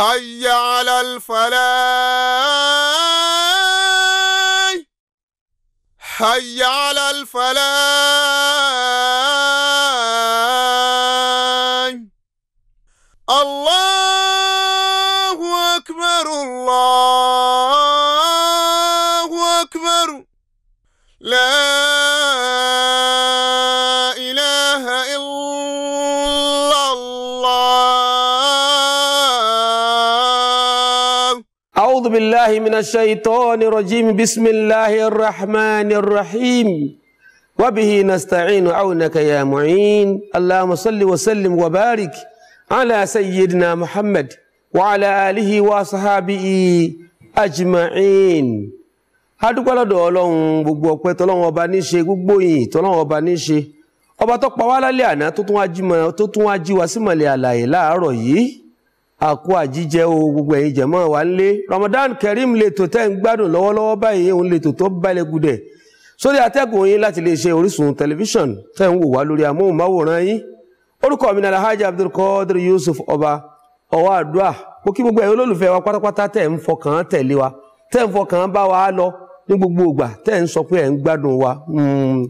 حي على الفلاح حي على الفلاح أعوذ بالله من الشيطان الرجيم بسم الله الرحمن الرحيم وبه نستعين عونك يا معين اللهم صل وسلم وبارك على سيدنا محمد وعلى آله وصحابه أجمعين adúpẹ́ lọ́dọ̀ ọlọ́run gbogbo تولون tọ́lọ́run ọba تولون ṣe gbogbo yìí tọ́lọ́run ọba ní ṣe ọba tó pa wá lálẹ́ àkó àjíjẹ o gbogbo ẹ̀yin jẹ̀mọ́ wa ń lé Ramadan Kareem lètò tẹ́ ń gbádùn lọ́wọ́lọ́wọ́ báyìí òun lètò tó balẹ̀ gudẹ̀ sórí atẹ́gùn yín láti lè ṣe Orísun tẹlifíṣàn tẹ́ ń wò wá lórí amóhùnmáwòrán yín orúkọ mi náà Alhaji Abdulkadir Yusuf Ọba ọwọ́ àdúrà mo kí gbogbo ẹ̀yin olólùfẹ́ wa pátápátá tẹ̀ ń fọkàn tẹ̀lé wa tẹ́ ń fọkàn bá wa lọ ní gbogbo ìgbà tẹ́ ń sọ pé ẹ̀ ń gbádùn wa hmm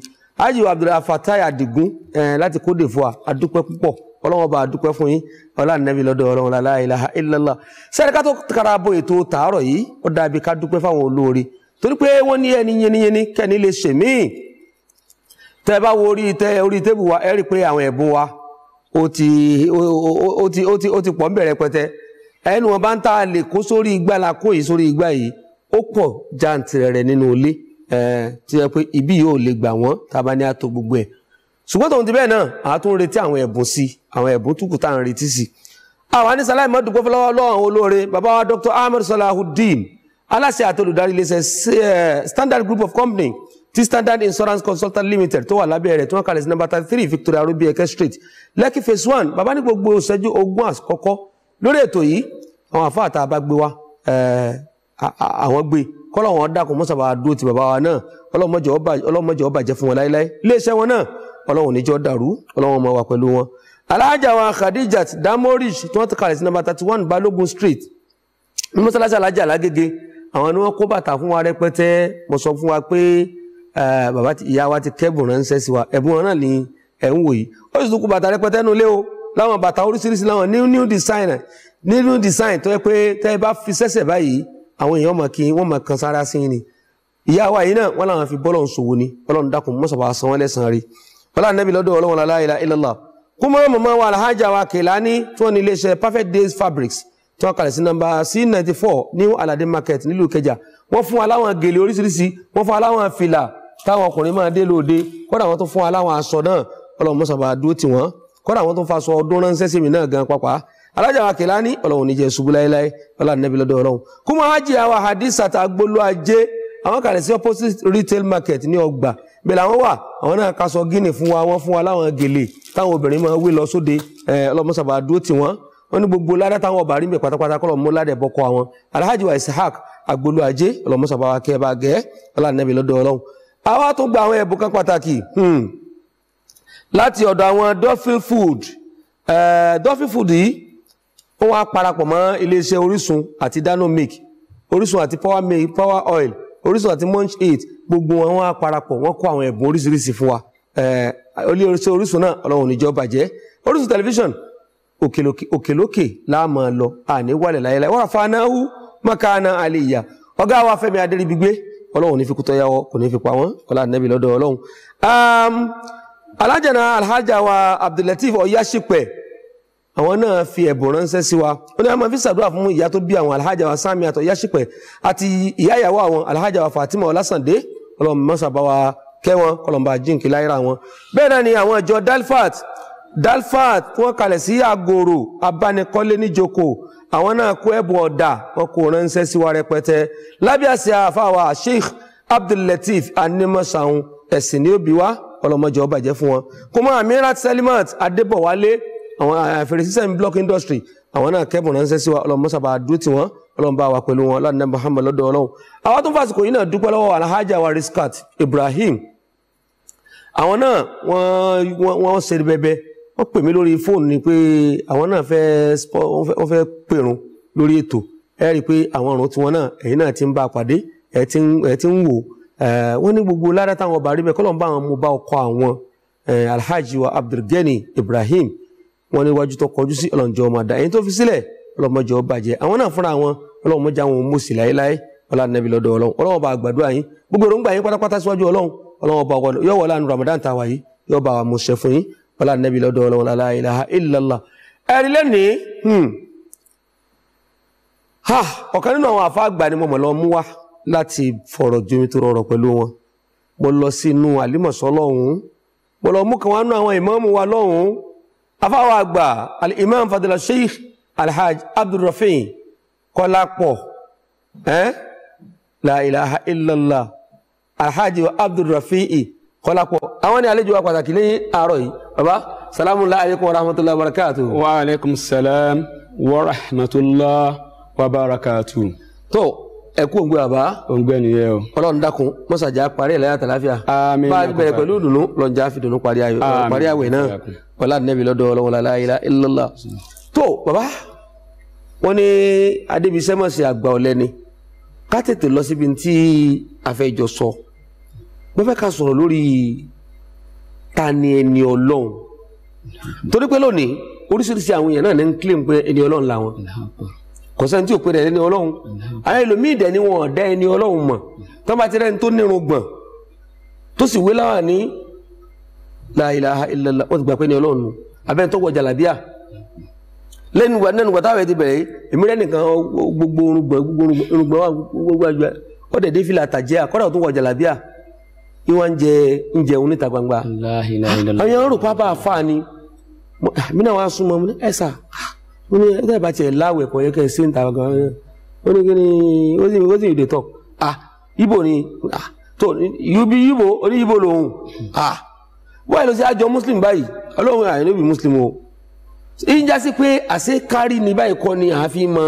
ọlọ́wọ́n bá a dúpẹ́ fún yín ọlá nẹ́bí lọ́dọ̀ ọlọ́wọ́n la ilaha illallah sẹ́ni ká tó kára bo ètò tàárọ̀ yìí ó dàbí ká dúpẹ́ fáwọn olóore torí pé wọ́n ní ẹni yẹniyẹni kẹ́ni lè ṣe míì tẹ́ ẹ bá wo orí tẹ́ orí tébù wa ẹ rí pé àwọn ẹ̀bùn wa ó ti ó ti ó ti ó ti pọ̀ ń bẹ̀rẹ̀ pẹ́tẹ́ ẹnu wọn bá ń tà lè kó sórí igbá la kó yìí sórí igbá yìí ó pọ̀ jàǹtìrẹrẹ nínú ilé ẹ ti yẹ pé ibí yóò lè gbà wọ́n tá gbogbo ẹ̀ ṣùgbọ́n tòun ti bẹ́ẹ̀ náà a tún retí àwọn ẹ̀bùn sí àwọn ẹ̀bùn tó kù tá à ń retí sí. àwa ní sáláì mọ́tò gbọ́fọ́ lọ́wọ́ lọ́wọ́ àwọn olóore bàbá wa Dr. Ahmed Salahuddin aláṣẹ àti olùdarí iléeṣẹ́ eh, Standard Group of Company ti Standard Insurance Consultant Limited tó wà lábẹ́ rẹ̀ tí wọ́n kalẹ̀ sí number three Victoria Rubi Eke Street Lekki phase one bàbá ní gbogbo ìṣẹ́jú ogún àkọ́kọ́ lórí ètò yìí àwọn àfa àtà bá gbé wa eh, àwọn gbé kọ́lọ́ wọn dákun mọ́sàbà dúró ti bàbá wa náà ọlọ́mọdé ọbàjẹ́ fún wọn láéláé iléeṣẹ́ wọn náà ọlọ́run níjọ́ dàrú ọlọ́run máa wà pẹ̀lú wọn. alájà wa khadijat damorish tí wọ́n ti kalẹ̀ sí number thirty one balógun street ní mọ́sálásí alájà lágége àwọn ni wọ́n kó bàtà fún wa rẹpẹtẹ mo sọ fún wa pé bàbá ìyá wa ti kẹ́bùn ránṣẹ́ sí wa ẹ̀bùn wọn náà ni ẹ̀ ń wò yìí ó sì tún kó bàtà rẹpẹtẹ nulẹ̀ o láwọn bàtà oríṣiríṣi láwọn new new design new design tó yẹ pé tẹ́ ẹ bá fi sẹ́sẹ̀ báyìí àwọn èèyàn mọ̀ kí wọ́n mọ̀ kan sára sí ni ìyá wa yìí náà wọ́n làwọn fi bọ́lọ̀ ń ṣòwò ni bọ́lọ̀ ń dákun mọ́sàbà sanwó lẹ́sàn-án rí wọ́n láà nẹ́bí lọ́dọ̀ ọlọ́wọ́n la ilaha illallah kó wa alhaja wa Kelani tí wọ́n ní iléeṣẹ́ perfect days fabrics tí wọ́n kalẹ̀ sí nọ́mbà c ninety four new alade market nílùú Ìkẹjà wọ́n fún wa láwọn gèlè oríṣiríṣi wọ́n fún wa láwọn fìlà táwọn ọkùnrin máa dé lóde kódà wọ́n tún fún wa láwọn aṣọ náà Ọlọ́run mọ́ sábà dúró tì wọ́n kódà wọ́n tún fa aṣọ ọdún ránṣẹ́ sí mi náà gan pàpà alhaja wa Kelani Ọlọ́run níjẹ ṣubú láéláé ọlá nẹ́bí lọ́dọ̀ Ọlọ́run kó mọ́ hajj àwa hadith àtàgbọ́lọ́ ajé àwọn kalẹ̀ sí opposite retail market ní ọgbà bẹ́ẹ̀ làwọn wà àwọn náà ka sọ gíní fún wa wọ́n fún wa láwọn gèlè táwọn obìnrin máa ń wé lọ sóde ọlọ́mọsàbà dúró tì wọ́n wọ́n ní gbogbo ládá táwọn ọba rímẹ̀ pátápátá kọ́ lọ́mọ ládà ẹ̀bọ́kọ àwọn alhaji wa ishaq agbolú ajé ọlọ́mọsàbà wa kẹ́ ẹ bá gẹ́ ọlànàbì lọ́dọ̀ ọlọ́run. àwa tún gba àwọn ẹ̀bùn kan pàtàkì hmm. láti ọ̀dọ̀ àwọn dolphin food dolphin food yìí wọ́n wá parapọ̀ mọ́ iléeṣẹ́ orísun àti danomic orísun àti power oil orísun àti munch eight gbogbo wọn wá parapọ̀ wọ́n kó àwọn ẹ̀bùn oríṣiríṣi fún wa olú orísun náà ọlọ́run níjọ́ bàjẹ́ orísun tẹlifíṣàn òkèlókè láàmà lọ àní wàlẹ̀ láyéláyé wọ́n fa náà hú mọ́kànnà àlẹ́ ìyá ọ̀gá wa Fẹ́mi Adéríbigbé ọlọ́run ní fi kútọ́ yáwọ́ kò ní fi pa wọ́n ọlá nẹ́bí lọ́dọ̀ ọlọ́run. alájàna alhaja wa Abdulateef Ọ̀yáṣípẹ̀ àwọn náà fi ẹ̀bùn ránṣẹ́ sí wa ó ní a máa fi ṣàdúrà fún ìyá tó bí àwọn alhaja wa Samiat Ọ̀yáṣípẹ̀ àti ìyá ìyàwó àwọn alhaja wa Fatima Ọlásàndé ọlọ́run mọ́sàbá wa kẹ́ wọn kọlọ́mbà jíǹkì láyéra wọn. bẹ́ẹ̀ ni àwọn ìjọ dalfat dalfat tí wọ́n kalẹ̀ sí àgòrò abánikọ́lé níjoko àwọn náà kó ẹ̀bùn ọ̀dà wọn kò ránṣẹ́ sí wa rẹpẹtẹ lábẹ́ àfàwà sheikh abdullateef animọ̀sàun ẹ̀sìn ni ó bí wa ọlọ́mọjọ́ bàjẹ́ fún wọn. kò mọ amirat selimat adébọ̀wálé àwọn àfẹrẹsísẹ́ eh, ń block industry àwọn náà kẹ́bùn ránṣẹ́ sí wa ọlọ́run mọ́sàbà dúró tì wọ́n ọlọ́run bá wa pẹ̀lú wọn lánàá Muhammad lọ́dọ̀ ọlọ́run àwọn tó ń fàsìkò yìí náà dúpẹ́ lọ́wọ́ alhaja wa Riskat Ibrahim àwọn náà wọ́n wọ́n ṣe bẹbẹ wọ́n pè mí lórí fóònù ni pé àwọn náà fẹ́ wọ́n fẹ́ pèrún lórí ètò ẹ rí i pé àwọn ọ̀run tiwọn náà ẹ̀yin náà ti ń bá a pàdé ẹ̀ ti ń wò eh, wọ́n ní gbogbo ládàá táwọn ọba rí bẹ́ẹ̀ kọ́lọ́n bá àwọn mo bá ọkọ àwọn eh, alhaji wa Abdulgani Ibrahim wọn níwájú tó kọjú sí ọlọ́njọ́ ọmọ àdá ẹni tó fi sílẹ̀ ọlọ́mọjọ́ bàjẹ́ àwọn náà fúnra wọn ọlọ́mọjọ́ àwọn mọ̀sí láéláé ọlànàbí lọ́dọ̀ ọlọ́run ọlọ́run bá gbàdúrà yín gbogbo èròǹgbà yín pátápátá síwájú ọlọ́run ọlọ́run bá wọlé yọ̀wọ̀ Ramadan tá a wà yìí yọ̀ọ́ bá wa mú ṣe fún yín ọlànàbí lọ́dọ̀ ọlọ́run la ilaha illallah. ẹ̀rí lẹ́nìí hmm. ọ̀kan nínú ni mo mọ̀ lọ mú wá láti fọ̀rọ̀ jomi tó rọrọ̀ pẹ̀lú wọn mo lọ sí afáwọn àgbà al-imam fadila sheikh alhaj abdulrafin kọlápọ̀ ẹ́n la ilaha illallah alhaj abdulrafin kọlápọ̀ àwọn ni àlejò wa pàtàkì ní àárọ̀ yìí baba salamu alaykum wa rahmatulah wa barakatu. wa alaykum salam wa rahmatulah wa barakatu. tó ẹkú òǹgbẹ àbá. òǹgbẹ nìyẹn o. ọlọ́run dákun mọsàjà parí ẹlẹyà tàlàfíà. àmín bá a bẹ̀rẹ̀ pẹ̀lú ìdùnnú lọjà fi dùnnú parí ayọ̀ parí àwẹ̀ náà wàlá nẹbi lọ́dọ̀ ọlọwọlá aláìlá illallah. tó bàbá wọn ní adébísẹ́ mọ̀ sí àgbà ọ̀lẹ́ni ká tètè lọ síbi tí àfẹ́jọ sọ mo fẹ́ ká sọ̀rọ̀ lórí ta ni ẹni ọlọ́run torí pé lónìí oríṣiríṣi àwọn èèyàn náà ní ń kílè pé ẹni ọlọ́run làwọn kò sẹ́ni tí ò pé ẹni ọlọ́run àwọn ẹlòmíì dẹ̀ ni wọn ò dá ẹni ọlọ́run mọ̀ tó bá ti rẹ́ni tó nírun gbọ̀n tó sì wé láwà ní la ilaha illallah wọ́n ti gbà pé ẹni ọlọ́run nù abẹ́ni tó wọ jàlábíà lẹ́nu ìgbà náà nígbà táwọn ẹ̀ ti bẹ̀rẹ̀ èmi rẹ́ nìkan gbogbo orun gbọ̀n gbogbo orun gbọ̀n wà gbogbo àjọ ó dẹ̀ dé fìlà àtàjẹ́ àkọ́dà tó wọ jàlábíà ni wọ́n ń jẹ oúnjẹ òun níta gbangba àwọn yẹn ń rò pápá àfa ni mí náà wá súnmọ́ ẹ̀ sà ó ní ẹ bá tiẹ̀ láwẹ̀ kọ̀ yẹ kẹ́ ẹ sí ń ta gan ó ní kí ni ó sì ó sì ìdè tọ̀ ah ibo ni ah tó ibi ibo oní ibo lòun ah wáyé ló ṣe àjọ muslim báyìí ọlọ́run àyè ló bí muslim o ìjà sí pé àṣẹ kárí ni báyìí kọ́ ni à ń fi mọ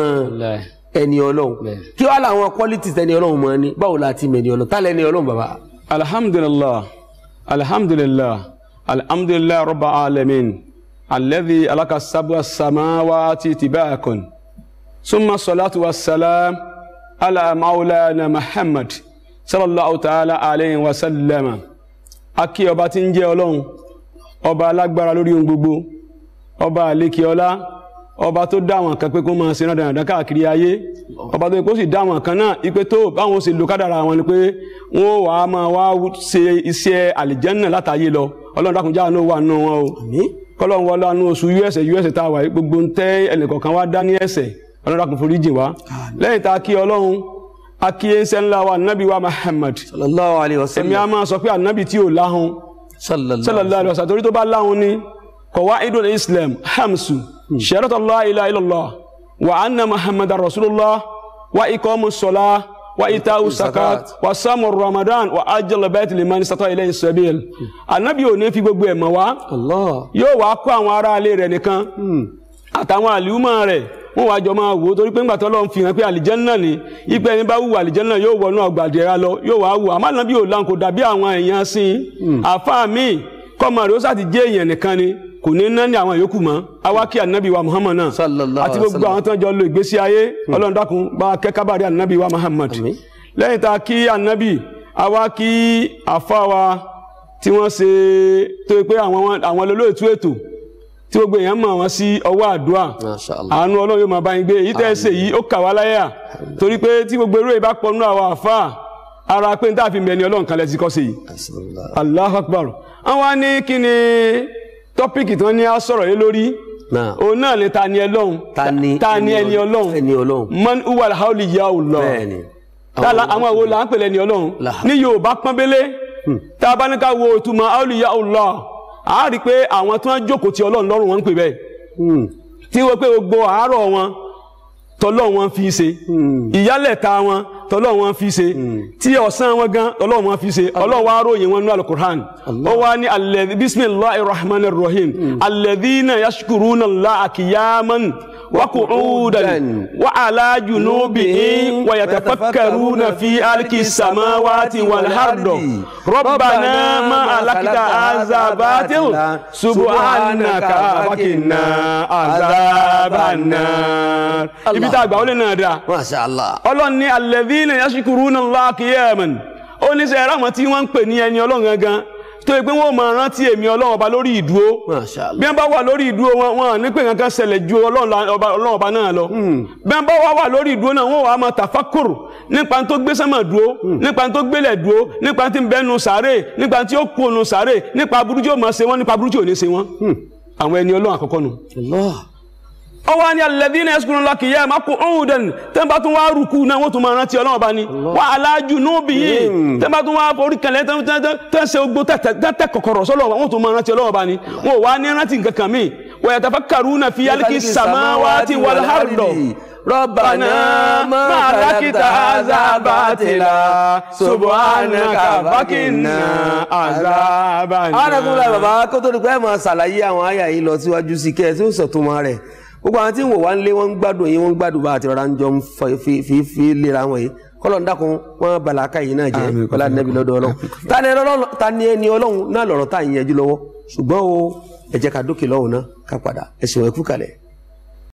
ẹni ọlọ́run kí wàá làwọn qualities ẹni ọlọ́run mọ ni báwo la ti mọ ẹni ọlọ́run tálẹ̀ ẹni ọlọ́run bàbá. alhamdulilah alhamdulilah alhamdulilah rabbil alamin alladhi alaka sab'a samawati tibaqan summa salatu wassalam ala maulana muhammad sallallahu ta'ala alayhi wa sallam akí ọba tí ń jẹ́ ọlọ́run ọba alágbára lórí ohun gbogbo ọba àlekè ọlá ọba tó dá àwọn kan pé kó máa ṣe náà dandan káàkiri ayé ọba tó yẹ kó sì dá àwọn kan náà ipe tó báwọn ṣe lo kádàrà wọn ni pé wọn ò wá máa wá ṣe iṣẹ́ àlìjẹ́nnà látàyè lọ ọlọ́run dákunjá náà wà nù wọn o kọ́lọ́n wọlé anú oṣù us us tá a wà gbogbo ń tẹ́ ẹnìkọ̀ọ̀kan wá dá ní ẹ̀ṣẹ̀ ọlọ́run dákun forí jìn wá lẹ́yìn tá a kí ọlọ́run a kí ẹ̀ṣẹ̀ ńlá wa ànábì wa Muhammad sallallahu alayhi wa sallam èmi a máa sọ pé ànábì tí ò láhùn sallallahu alayhi wa sallam torí tó bá láhùn ni kọ̀wá idul islam hamsu hmm. shahadatu la ilaha illallah wa anna muhammadar rasulullah wa iqamus salah wa itahu sakat wa samu ramadan wa ajala bẹ́ẹ̀tì lè máa ní sátọ́ ilé ìsọ̀bíl ànábì ò ní fi gbogbo ẹ̀ mọ̀ wá yóò wá kó àwọn ará ilé rẹ̀ nìkan hmm. àtàwọn àlùmọ̀ wọ́n wá jọ máa wò torí pé ńgbà tó lọ́n fi hàn pé àlìjẹ́nà ni ipe ẹni bá wù àlìjẹ́nà yóò wọnú ọgbàdìrà lọ yóò wá wù àmọ́ ànábì dàbí àwọn èèyàn sí i hmm. àfáà míì kọ́mọ rẹ̀ ó sàti èèyàn nìkan ni kò ní ná ní àwọn yòókù mọ́ awaki anabi wa muhammad náà àti gbogbo àwọn tán jọ lo ìgbésí ayé ọlọ́run dákun bá kẹ́kábàárẹ̀ anabi muhammad lẹ́yìn tá a kí anabi awaki àfáwa tí wọ́n ṣe tó pé àwọn olóòtú ètò tí gbogbo èèyàn mọ̀ wọ́n sí ọwọ́ àdúrà àánú ọlọ́run yóò máa bá yín gbé èyí tẹ́ ẹ ṣe yìí ó kà wá láyà torí pé tí gbogbo eré ìbá pọnú àwọn àfáà ara pé n tá a fi mẹ́ni ọlọ́run kan lẹ́sìn kọ́ sí yìí Allahu Akbar àwọn á ní kí ni tọ́píìkì tán ní á sọ̀rọ̀ lé lórí òun náà ni ta ni Ọlọ́hun ta ni ẹni Ọlọ́hun man uwal haoli ya Allah tala àwọn àwo là ń pèlè ẹni Ọlọ́hun ní Yorùbá pọ́nbélé hmm. tá a bá ní ká wo ìtumọ̀ haoli ya Allah a rí i pé àwọn tí wọ́n jókòó ti Ọlọ́hun lọ́rùn wọn ń pè bẹ́ẹ̀ hmm. tí wọ́n pé gbogbo àárọ̀ wọn tọ́lọ́ wọn fi ṣe hmm. ìyálẹ̀ta wọn tọ́lọ́ wọn fi ṣe hmm. tí ọ̀sán wọn gan tọ́lọ́ wọn fi ṣe hmm. ọlọ́run wa ròyìn wọn nínú alukur'an ó wá ní alẹ́ bisimilahi rahman rahim hmm. alẹ́ dínà yasukuruna la akiyaman. وقعودا وعلى جنوبهم ويتفكرون في خلق السماوات والأرض ربنا ما خلقت هذا باطل سبحانك فقنا عذاب النار ibi tá a gbà ó lè náà dáa. Masha Allah. ọlọ́run ní alladhina yashkuruna Allah qiyaman ó ní sẹ́yìn ráwọn tí wọ́n ń pè ní ẹni ọlọ́run gangan tó yẹ pé wọ́n máa rántí èmi ọlọ́run ọba lórí ìdúró bí wọ́n bá wà lórí ìdúró wọn wọn ní pé kankan ṣẹlẹ̀ ju ọlọ́run ọba náà lọ hmm. bí wọ́n bá wà wà lórí ìdúró náà wọ́n wà á máa tàfákòrò nípa tó gbé sánmà hmm. dúró nípa tó gbélẹ̀ dúró nípa tí ń bẹ́ sàárè nípa tí ó kó nu sàárè nípa burújí ò máa ṣe wọ́n nípa burújí ò ní ṣe wọ́n hmm. àwọn ẹni ọlọ́run àkọ́kọ́ nu. Allah ó wá ní alladhina yaskuruna qiyama qu'udan tẹ́ bá tún wá rúkú náà wọ́n tún máa rántí ọlọ́run bá ní wa ala junubihim tẹ́ bá tún wá forí kẹlẹ́ tẹ́ ogbó tẹ́tẹ́ kọ̀kọ̀rọ̀ sọ́lọ́run wọ́n tún máa rántí ọlọ́run bá ní wọ́n wá ní rántí nǹkan kan míì wa yatafakkaruna fi khalqi samawati wal ardi ربنا ما لكت هذا باطلا سبحانك فقنا عذاب النار. ara kúnlẹ̀ bàbá kó tó di pé ẹ máa ṣàlàyé àwọn àyà yìí lọ síwájú sí gbogbo àwọn tí ń wò wá ń lé wọn ń gbádùn yín wọn ń gbádùn bá àti rárá ń jọ ń fi fi lera wọn yìí kọlọ́n dákun wọn balaka yìí náà jẹ ọlá nẹ́bí lọ́dọ̀ ọlọ́run ta ni ẹni ọlọ́run náà lọ̀rọ̀ tá à ń yẹjú lọ́wọ́ ṣùgbọ́n o ẹ jẹ́ ká dókè lọ́hùn náà ká padà ẹ̀sìn wọn ẹ̀kú